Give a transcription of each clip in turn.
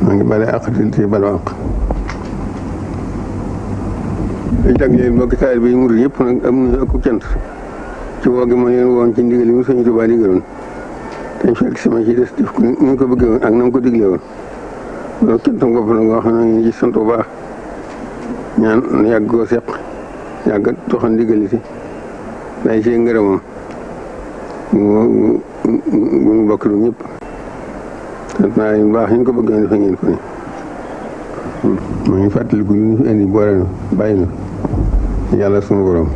maa ngi bale ak ci bal ak li tak yeen mbokk taal bi mu yépp nak am na ak cant ci wogi ma yeen won ci ndigal mi suñu tuba digaloon dañ fekk sama ci def def ñu ko bëgg ak nam ko diglé woon lo cant ngop na nga xam na ci sant bu baax ñaan yàggo seq yàgg toxan ndigal ci day ci ngërëmam mu bokk lu sant naa leen bu baax ñu ko bëggoon defee ngeen ko nii. mu hmm. ngi fàttaliku ñu fi indi boole na bàyyi na yàlla sunu borom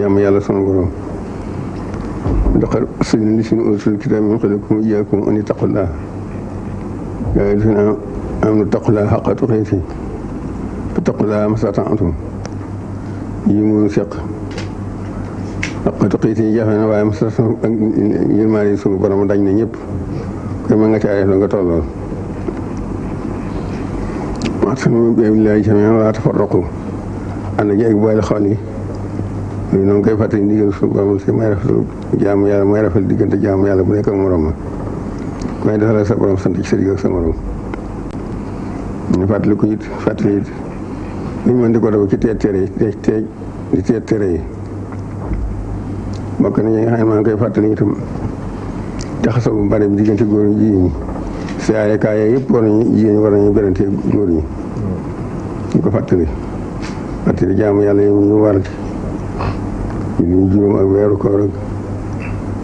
jàmm yàlla sunu borom. laqad arsalnaa suñu kitaab min qablikum iyaakum an ittaqullaaha yaa ayyuhaa allaziina aamanuu ittaqullaaha haqqa tuqaatihi wattaqullaaha mastata'tum yi mu seq haqqa tuqaatihi jafe na waaye mastata'tum ak yërmaande sunu borom dañ na ñëpp. mën nga caa def nga tolloon waxtanu billahi jami'an wa laa tafarraqu ànd ak boole xol yi loolu noonu koy fàttali ndigal suñu borom si may rafetlu jaamu yàlla diggante jaamu yàlla bu nekk ak ma may sa borom sant ci sa digg ak sa morom ñu fàttali ko fàttali it lu ñu mën ko def ci teet tere yi teet teet di teet nga xam ne maa ngi koy fàttali itam jaxasoo bu bari bi diggante góor ñi jigéen ñi CAEK yëpp war nañu jigéen ñi war nañu berante góor ko fàttali fàttali jaamu yàlla yi ñu war ñu juróom ak weeru koor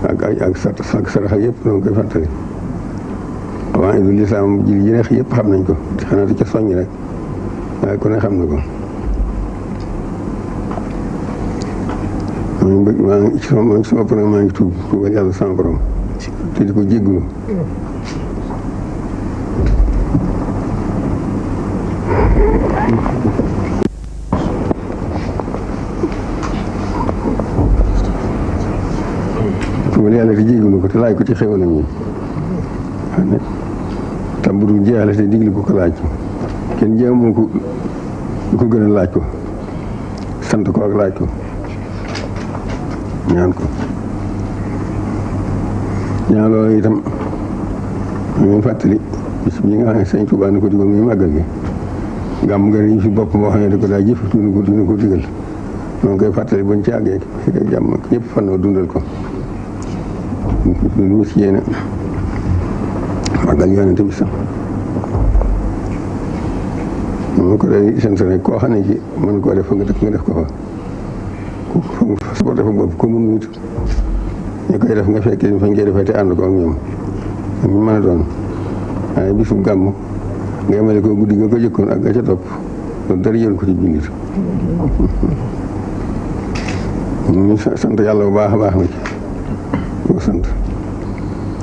ak ak ak ak sarax yëpp ñoo ngi koy am waaye du ji li yëpp xam nañ ko xanaa di ca soññ rek waaye ku xam na ko. maa ngi ci sama maa ngi tu borom maa yàlla sama borom. te di ko jégglu tuubal yàlla te jégglu ko te laaj ko ci xéwalam yi tam bu dul jeexale te diglu ko ko laaj kenn jéemoo ko du ko gëna laaj ko sant ko ak laaj ko ñaan ko ñaa loolu itam ñu ngi fàttali bis bi nga xam ne sëñ Tuubaa ni ko digal muy gi gàmm nga ñu si bopp boo xam ne da ko daa jëf dina ko dina ko digal noonu koy fàttali bañ ci àggee si koy jàmm ak ñëpp fan dundal ko lu si yéene màggal yonent bi sax ko day sant rek koo xam ne ci mën koo def fa nga def nga ko fa ko fa sa bopp dafa ñu koy def nga fekk ñu fa koy defee te ànd ko ak ñoom ñu mën a doon waaye bisu gàmm nga yemale ko guddi nga ko jëkkoon ak nga ca topp dara jël ko ci jullit ñu sant yàlla bu baax a baax na ci ko sant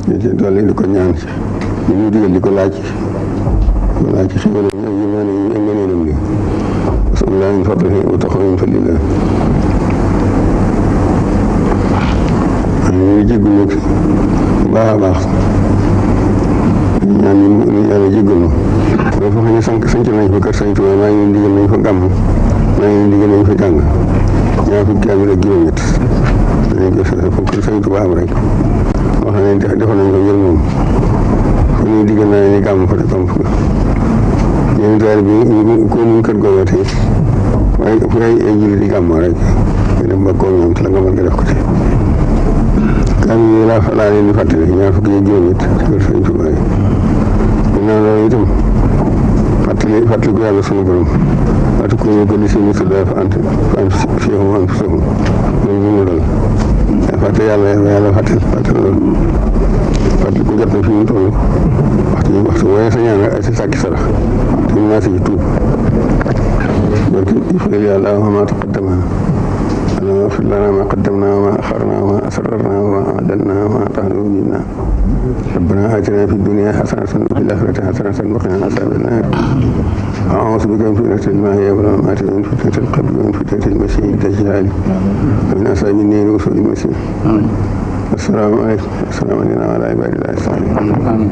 ñu ci dolli di ko ñaan ci ñu ñuy di ko laaj ko laaj ci xéwal yi ñu ñu u ñu ñu ñu ñu ñu ñu ñu ñu ñu ñu ñu jéggalu bu baax a baax ñaan yi ñu yàlla jéggalu loolu foo xam ne sanc sanc kër Sëñ Tuubaa gàmm maa rek juróom-ñett dañ ko fa kër Sëñ Tuubaa am ko jël moom fu ñuy digal naa leen gàmm fa def am fa ñeen daal bi ñu ko ñu kër googu te waaye fu ay ay julli di gàmm rek nga ba koor ñoom te la nga mën te ak yooyu laa laa leen di fàttali ñaar fukki ak juróom it kër sëñ Tuba yi ginnaaw loolu itam fàttali fàttali ko yàlla sunu borom waatu ko ñu gën si musu daa fa ant fa am fiixum am fiixum loolu ñu mu dal fàtte yàlla yàlla fàttali fàttali loolu fàttali ko jot na fi mu toll waxtu waxtu waaye sa ñaan ay si sàkki sarax te ñu naa si tuub donc il faut yàlla wa maa taqaddama ربنا اغفر لنا ما قدمنا وما أخرنا وما أسررنا وما اعدلنا وما أطهروا بنا ربنا آتنا في الدنيا حسنة وفي الآخرة حسنة وقنا عذاب النار أعوذ بك من فتنة الماء والممات ومن فتنة القبر ومن فتنة المسيح الدجال ومن أصحاب النير وسوء المسيح السلام عليكم السلام علينا وعلى عباد الله الصالحين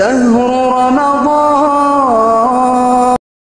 شهر رمضان